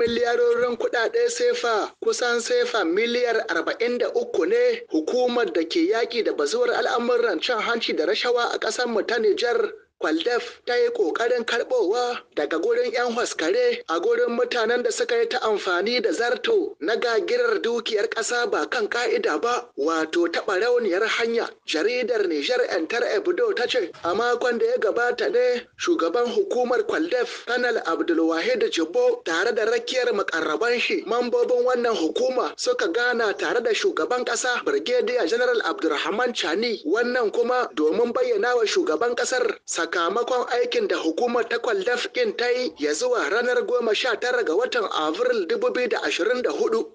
miliyarorin kuɗaɗe sefa kusan sefa miliyar 43 ne hukumar da ke yaƙi da bazuwar al'amuran cin hanci da rashawa a ƙasar mu ta Nijar Kwaldaf ta yi ƙoƙarin karɓowa daga gurin 'yan haskare a gurin mutanen da suka yi ta amfani da zarto na gagirar dukiyar ƙasa ba kan ƙa'ida ba wato taɓa rauniyar hanya. Jaridar Nijar Entar Ebdo ta ce a makon da ya gabata ne shugaban hukumar Kwaldaf, Kanal Abdulwahid Jibo tare da rakiyar makarraban shi mambobin wannan hukuma suka gana tare da shugaban ƙasa Brigadier General Abdulrahman Chani wannan kuma domin bayyana wa shugaban ƙasar sakamakon aikin da hukumar ta kwallaf ɗin ta yi ya zuwa ranar goma sha tara ga watan Avril 2024.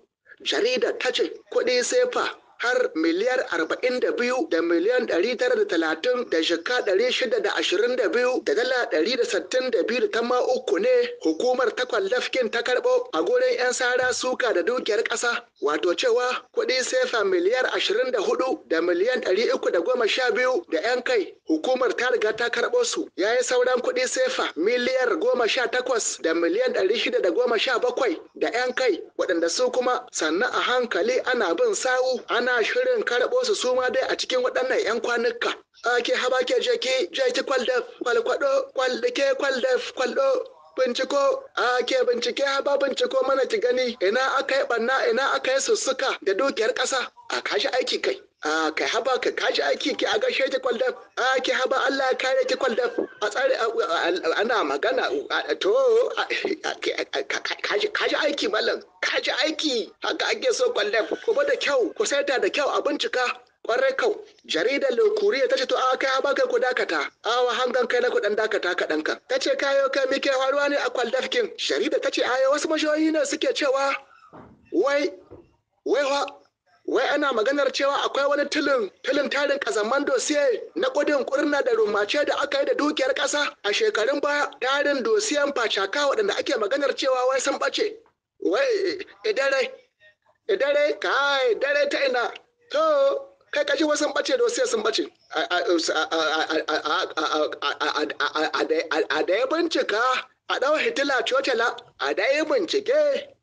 Jaridar ta ce kuɗi sefa har miliyar 42 da miliyan 930 da jika 622 da dala 162 ta ma uku ne hukumar ta kwallafkin ta karɓo a gurin 'yan sara suka da dukiyar ƙasa wato cewa kuɗi sefa miliyar 24 da miliyan 312 da 'yan kai hukumar ta riga ta karɓo su ya yi sauran kuɗi sefa miliyar 18 da miliyan 617 da 'yan kai waɗanda su kuma sannan a hankali ana bin sawu ana ana shirin karɓo su suma dai a cikin waɗannan 'yan kwanuka. Ake habake jeki jeki kwaldaf kwalkwado kwaldake kwaldaf kwaldo binciko ake bincike haba binciko mana ki gani ina aka yi ɓanna ina aka yi sussuka da dukiyar ƙasa a kashi aiki kai. a kai haba ka kashi aiki ki a gashe ki kwaldaf a ki haba Allah ya kare ki kwaldaf a tsare ana magana to kashi aiki malam kashi aiki haka ake so kwaldaf ku da kyau ku saita da kyau a bincika kwarai kau jaridar lokuriya ta ce to a kai haba kai ku dakata awa hangan kai na ku dakata kaɗan kan ta ce kayo kai mike faruwa ne a kin jaridar ta ce a wasu mashoyi ne suke cewa wai wai wai ana maganar cewa akwai wani tilin tilin tarin kazaman dosiye na kudin kurna da rumace da aka yi da dukiyar kasa a shekarun baya tarin dosiyan facaka waɗanda ake maganar cewa wai sun bace wai idare idare kai dare ta ina to kai kashi wai bace dosiye sun bace a da ya bincika a ɗau hitila cocela a dai bincike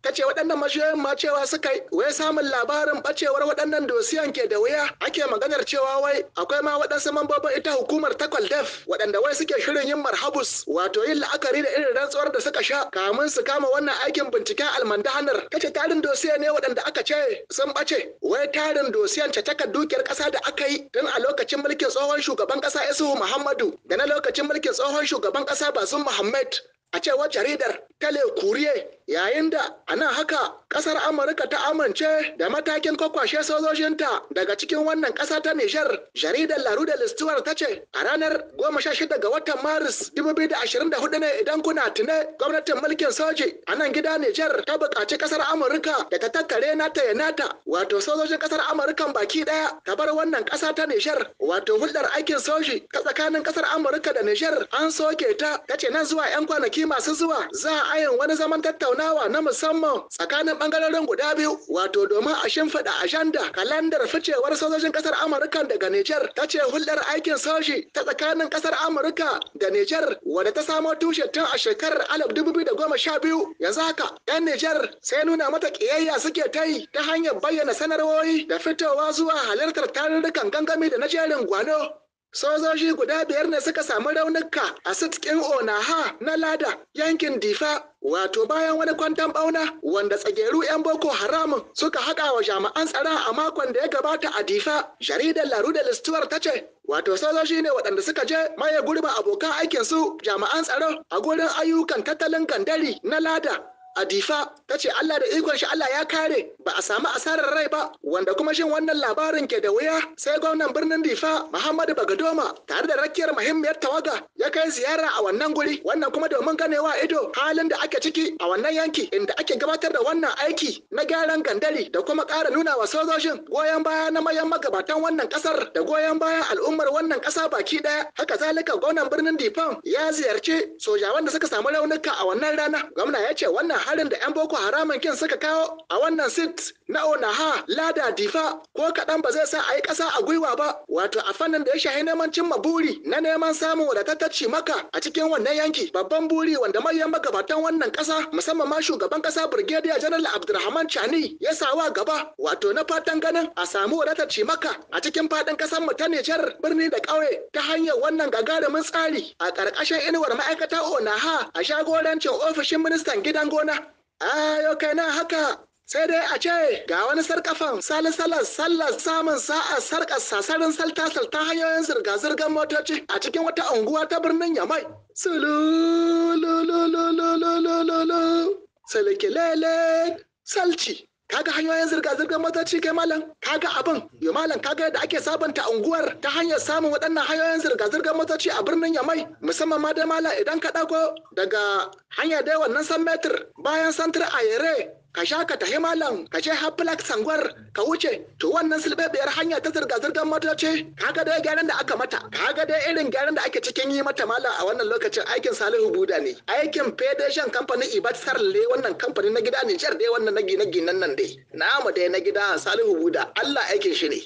ta ce waɗannan mashiyoyin ma cewa suka yi wai samun labarin ɓacewar waɗannan dosiyan ke da wuya ake maganar cewa wai akwai ma waɗansu mambobin ita hukumar ta kwaldef waɗanda wai suke shirin yin marhabus wato yin la'akari da irin rantsuwar da suka sha kamun su kama wannan aikin binciken almandahanar ta ce tarin dosiya ne waɗanda aka ce sun ɓace wai tarin dosiyan cacakar dukiyar ƙasa da aka yi tun a lokacin mulkin tsohon shugaban ƙasa isuhu muhammadu da na lokacin mulkin tsohon shugaban ƙasa bazum muhammad a cewar jaridar tele kuriye yayin da a nan haka kasar amurka ta amince da matakin kwakwashe sojojinta daga cikin wannan kasa ta nijar jaridar da listuwar ta ce a ranar 16 ga watan maris 2024 ne idan kuna tune gwamnatin mulkin soji a nan gida nijar ta bukaci kasar amurka da ta tattare nata ya nata wato sojojin kasar amurkan baki daya ta bar wannan kasa ta nijar wato hulɗar aikin soji ta tsakanin kasar amurka da nijar an soke ta ta ce nan zuwa 'yan kwanaki masu zuwa za a ayin wani zaman tattauna adawa na musamman tsakanin bangarorin guda biyu wato domin a shimfiɗa ajanda kalandar ficewar sojojin kasar amurka daga niger ta ce hulɗar aikin soji ta tsakanin kasar amurka da niger wadda ta samo tushe tun a shekarar alif dubu biyu da goma sha biyu yanzu haka yan niger sai nuna mata ƙiyayya suke ta yi ta hanyar bayyana sanarwoyi da fitowa zuwa halartar tarurrukan gangami da na jerin gwano Sojoji guda biyar ne suka samu raunuka a sitkin Onaha na Lada yankin Difa wato bayan wani kwantan bauna wanda tsageru 'yan boko haramun suka haƙa wa jami'an tsara a makon da ya gabata a difa jaridar laru da listuwar ta ce wato sojoji ne waɗanda suka je maye gurbin abokan aikinsu su jami'an tsaro a gurin ayyukan tattalin gandari na lada Adifa ta ce Allah da ikon shi Allah ya kare ba a samu asarar rai ba wanda kuma shin wannan labarin ke da wuya sai gwamnan birnin Difa Muhammadu Bagadoma tare da rakiyar muhimmiyar tawaga ya kai ziyara a wannan guri wannan kuma domin ganewa ido halin da ake ciki a wannan yanki inda ake gabatar da wannan aiki na gyaran gandali da kuma ƙara nuna wa sojojin goyon baya na mayan magabatan wannan ƙasar da goyon baya al'ummar wannan ƙasa baki ɗaya haka zalika gwamnan birnin Difan ya ziyarci sojawan da suka samu raunuka a wannan rana gwamna ya ce wannan harin da 'yan boko haramun kin suka kawo a wannan sit na onaha lada difa ko kaɗan ba zai sa a yi ƙasa a gwiwa ba wato a fannin da ya shahi neman cimma buri na neman samun wadatacci maka a cikin wannan yanki babban buri wanda manyan magabatan wannan ƙasa musamman ma shugaban ƙasa brigadier general Abdurrahman chani ya sa wa gaba wato na fatan ganin a samu wadatacci maka a cikin faɗin ƙasar mu ta nijar birni da ƙauye ta hanyar wannan gagarumin tsari a ƙarƙashin inuwar ma'aikata onaha a shagorancin ofishin ministan gidan gona. Ayo kai na haka sai dai a ce ga wani sarkafan salas sallar samun sa'a sarka sasarin salta salta hanyoyin zirga-zirgar motoci a cikin wata unguwa ta birnin yamai sulululululululu salci kaga hanyoyin zirga-zirgar motoci kai malam kaga abin yi malam kaga yadda ake sabunta unguwar ta hanyar samun waɗannan hanyoyin zirga-zirgar motoci a birnin yamai musamman ma da malam idan ka ɗago daga hanyar dai wannan san metir bayan santir a ka sha ka tahi malam ka ce har black sangwar ka wuce to wannan silbebiyar hanya ta zirga zirgan mata ce ka ga dai gyaran da aka mata ka ga dai irin gyaran da ake cikin yi mata malam a wannan lokacin aikin Salihu Buda ne aikin Federation Company Ibat Sarle wannan kamfani na gida nijar dai wannan na gine nan dai mu dai na gida Salihu Buda Allah aikin shi ne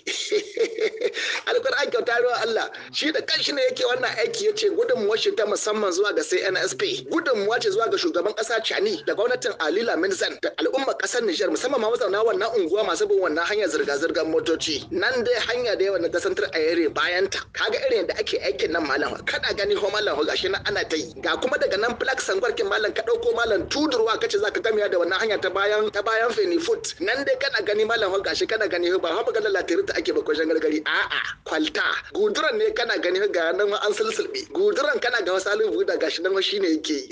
alkur'an kyauta ruwa Allah shi da kanshi ne yake wannan aiki ya ce gudunmuwar shi ta musamman zuwa ga CNSP gudunmuwa ce zuwa ga shugaban kasa Chani da gwamnatin Alila Minzan da al'umma kasar Nijar musamman ma mazauna wannan unguwa masu bin wannan hanyar zirga-zirgar motoci nan dai hanya da na ta santar yare bayan ta kaga irin da ake aikin nan malam kana gani ho malam gashi nan ana ta yi ga kuma daga nan black sangwarkin malam ka dauko malam tudurwa kace zaka gamiya da wannan hanya ta bayan ta bayan feni foot nan dai kana gani malam ho gashi kana gani ba ha magana latirin ta ake ba kwashen gargari a'a kwalta guduran ne kana gani ga nan an sulsulbe guduran kana ga wasu alibu da gashi nan shine yake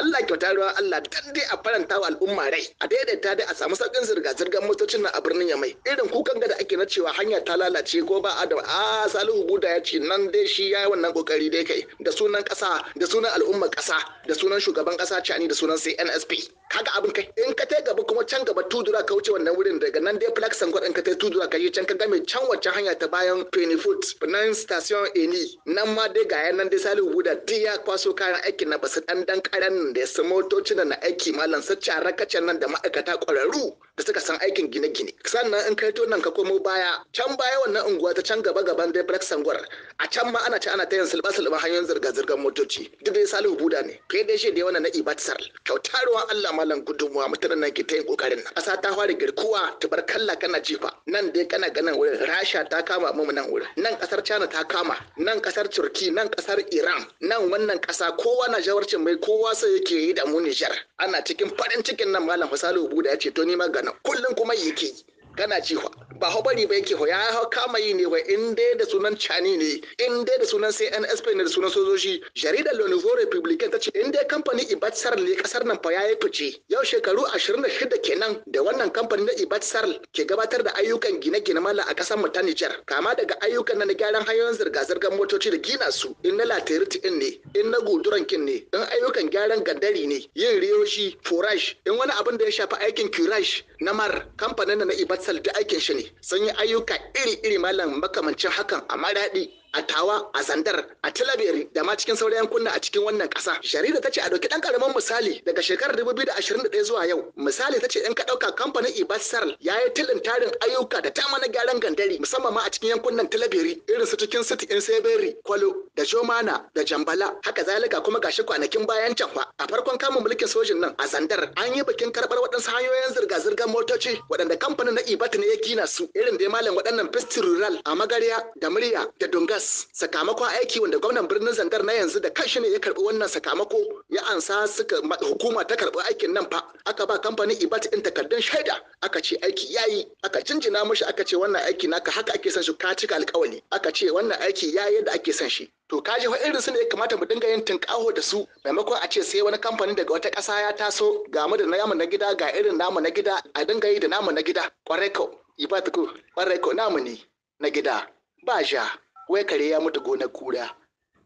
Allah kyauta ruwa Allah dan dai a faranta wa al'umma rai kadai a daidaita dai a samu sauƙin zirga-zirgar motocin nan a birnin yamai irin kukan da ake na cewa hanya ta lalace ko ba adam a salihu guda ya ce nan dai shi ya yi wannan kokari dai kai da sunan kasa da sunan al'ummar kasa da sunan shugaban ƙasa cani da sunan cnsp kaga abin kai in ka tai gaba kuma can gaba tudura ka wuce wannan wurin daga nan dai flax sangwar in ka tai tudura ka yi can ka game can wacce hanya ta bayan foot nan station eni nan ma dai ga nan dai salihu guda duk ya kwaso kayan aikin na basu dan dan karan da su motocin na aiki malam sa cara kacan sannan da ma'aikata ƙwararru da suka san aikin gine-gine sannan in kai nan ka komo baya can baya wannan unguwa ta can gaba gaban dai black sangwar a can ma ana ci ana ta yin silba silba hanyoyin zirga-zirgar motoci duk dai salihu buda ne kai dai shi da wannan na ibatsar kyauta ruwan allah malam gudunmuwa mutanen nan ke ta yin kokarin nan ƙasa ta fara girkuwa kalla kana jifa nan dai kana ganin wurin rasha ta kama mu nan wurin nan ƙasar china ta kama nan ƙasar turki nan ƙasar iran nan wannan ƙasa kowa na jawarcin mai kowa sai yake yi da mu nijar ana cikin farin cikin nan malam fasalo buda ya ce to ni ma gana kullum kuma yake yi kana cewa ba hau bari ba yake ho ya hau kama yi ne wa in dai da sunan cani ne in dai da sunan CNSP ne da sunan sojoji jaridar Le Nouveau Republicain ta ce in dai kamfanin Ibatsar ne kasar nan fa ya yi fice yau shekaru 26 kenan da wannan kamfanin na Ibatsar ke gabatar da ayyukan gine-gine mala a kasar mu ta nijar kama daga ayyukan na gyaran hanyoyin zirga-zirgar motoci da gina su in na latiriti in ne in na guduran kin ne in ayyukan gyaran gandari ne yin riyoshi forage in wani abin da ya shafi aikin kirash na mar kamfanin na ibatsal da aikin shi ne sun yi ayyuka iri-iri malam makamancin hakan a maradi a tawa a zandar a talabiri da ma cikin sauran yankuna a cikin wannan ƙasa jarida ta ce a ɗauki ɗan ƙaramin misali daga shekarar 2021 zuwa yau misali ta ce in ka ɗauka kamfanin ibasar ya yi tilin tarin ayyuka da tama na gyaran gandari musamman ma a cikin yankunan talabiri irin su cikin city in seberi kwalo da jomana da jambala haka zalika kuma gashi kwanakin bayan can a farkon kamun mulkin sojin nan a zandar an yi bikin karɓar waɗansu hanyoyin zirga-zirgar motoci waɗanda kamfanin na ibata ne ya gina su irin da malam waɗannan fistin rural a magarya da murya da dunga yes sakamakon aiki wanda gwamnan birnin zangar na yanzu da kashi ne ya karbi wannan sakamako ya ansa suka hukuma ta karbi aikin nan fa aka ba kamfanin ibat din takardun shaida aka ce aiki yayi aka jinjina mushi aka ce wannan aiki naka haka ake son shi ka cika alkawali aka ce wannan aiki yayi yadda ake son shi to ka ji irin su ne ya kamata mu dinga yin tunƙaho da su maimakon a ce sai wani kamfanin daga wata ƙasa ya taso ga mu da namu na gida ga irin namu na gida a dinga yi da namu na gida kwarai ko ibat ko kwarai ko namu ne na gida ba ja wai kare ya mutu gonar kura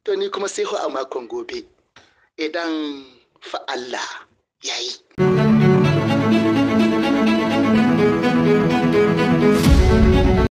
to ni kuma sai a makon gobe idan fa Allah yayi.